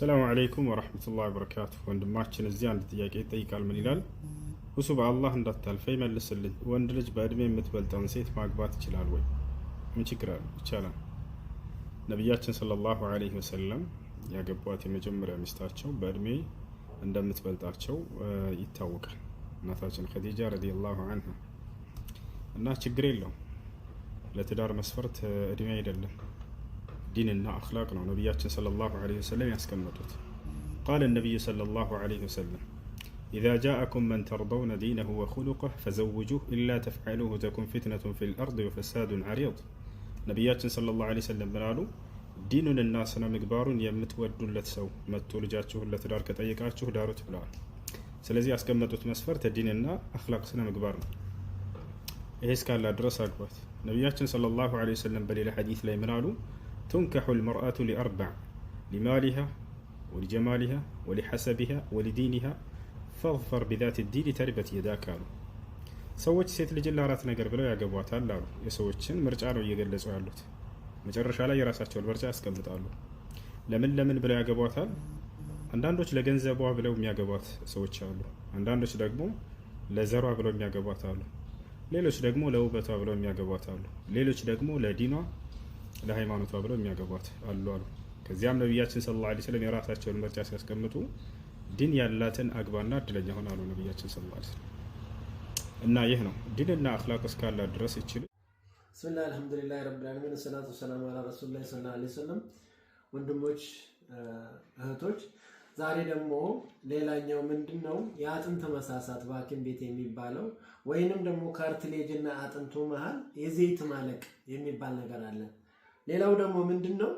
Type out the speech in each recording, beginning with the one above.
ሰላሙ አለይኩም ወረህመቱላሂ ወበረካቱ። ወንድማችን እዚህ አንድ ጥያቄ ይጠይቃል። ምን ይላል? እሱ በአላህ እንዳታልፈ መልስልኝ። ወንድ ልጅ በእድሜ የምትበልጠውን ሴት ማግባት ይችላል ወይ? ምን ችግር አለው? ይቻላል። ነቢያችን ሰለላሁ አለይሂ ወሰለም ያገቧት የመጀመሪያ ሚስታቸው በእድሜ እንደምትበልጣቸው ይታወቃል። እናታችን ከዲጃ ረዲየላሁ አንሃ እና ችግር የለውም። ለትዳር መስፈርት እድሜ አይደለም። ديننا أخلاقنا ونبي صلى الله عليه وسلم يسكن مدوت قال النبي صلى الله عليه وسلم إذا جاءكم من ترضون دينه وخلقه فزوجوه إلا تفعلوه تكون فتنة في الأرض وفساد عريض نبي صلى الله عليه وسلم قالوا ديننا الناس مقبار يمت ود لتسو متو لجاتشوه لتدار كتايقاتشوه دارو تبلال سلزي أسكن مدوت مسفر تديننا أخلاق سنة مقبارنا إيه سكال لا درس أقوات صلى الله عليه وسلم بل إلى حديث لا يمنالو تنكح المرأة لأربع لمالها ولجمالها ولحسبها ወሊዲኒሃ ፈظፈር ቢዛት ዲን ተሪበት የዳክ አሉ። ሰዎች ሴት ልጅን ለአራት ነገር ብለው ያገቧታል አሉ። የሰዎችን ምርጫ ነው እየገለጹ ያሉት። መጨረሻ ላይ የራሳቸውን ምርጫ ያስቀምጣሉ። ለምን ለምን ብለው ያገቧታል? አንዳንዶች ለገንዘቧ ብለው የሚያገቧት ሰዎች አሉ። አንዳንዶች ደግሞ ለዘሯ ብለው የሚያገቧት አሉ። ሌሎች ደግሞ ለውበቷ ብለው የሚያገቧት አሉ። ሌሎች ደግሞ ለዲኗ ለሃይማኖቷ ብለው የሚያገቧት አሉ አሉ። ከዚያም ነቢያችን ስለ ላ ስለም የራሳቸውን ምርጫ ሲያስቀምጡ ዲን ያላትን አግባና እድለኛ ሆን አሉ ነቢያችን ስለ ላ ስለም እና ይህ ነው ዲንና አክላቅ እስካላ ድረስ ይችል ብስምላ አልሐምዱሊላህ ረብል ዓለሚን ሰላቱ ሰላሙ አላ ረሱሉላህ ሰለላሁ ዐለይሂ ስለም ወንድሞች እህቶች፣ ዛሬ ደግሞ ሌላኛው ምንድን ነው የአጥንት መሳሳት በሐኪም ቤት የሚባለው ወይንም ደግሞ ካርትሌጅ እና አጥንቱ መሀል የዘይት ማለቅ የሚባል ነገር አለን ሌላው ደግሞ ምንድን ነው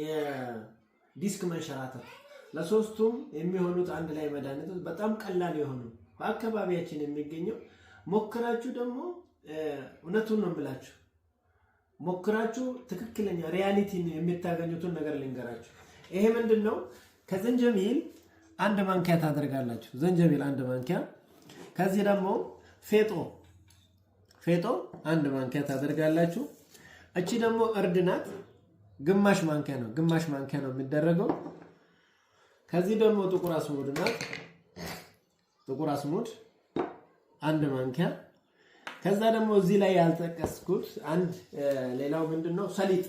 የዲስክ መንሸራተት። ለሶስቱም የሚሆኑት አንድ ላይ መድኃኒቶች በጣም ቀላል የሆኑ በአካባቢያችን የሚገኘው ሞክራችሁ ደግሞ እውነቱን ነው የምላችሁ ሞክራችሁ ትክክለኛ ሪያሊቲ የምታገኙትን ነገር ልንገራችሁ። ይሄ ምንድን ነው? አንድ ማንኪያ ታደርጋላችሁ። ዘንጀሚል አንድ ማንኪያ፣ ከዚህ ደግሞ ፌጦ ፌጦ አንድ ማንኪያ ታደርጋላችሁ። እቺ ደግሞ እርድ ናት። ግማሽ ማንኪያ ነው ግማሽ ማንኪያ ነው የሚደረገው። ከዚህ ደግሞ ጥቁር አስሙድ ናት። ጥቁር አስሙድ አንድ ማንኪያ። ከዛ ደግሞ እዚህ ላይ ያልጠቀስኩት አንድ ሌላው ምንድን ነው ሰሊጥ፣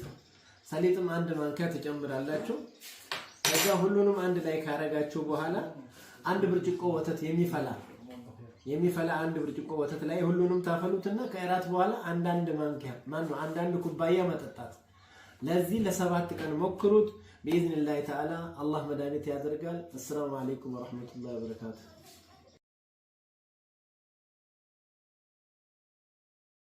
ሰሊጥም አንድ ማንኪያ ትጨምራላችሁ። ከዛ ሁሉንም አንድ ላይ ካረጋችሁ በኋላ አንድ ብርጭቆ ወተት የሚፈላ የሚፈላ አንድ ብርጭቆ ወተት ላይ ሁሉንም ታፈሉትና ከእራት በኋላ አንዳንድ ማንኪያ ማን ነው አንዳንድ ኩባያ መጠጣት። ለዚህ ለሰባት ቀን ሞክሩት። ቢኢዝኒላህ ተዓላ አላህ መድኃኒት ያደርጋል። አሰላሙ አለይኩም ወራህመቱላሂ ወበረካቱ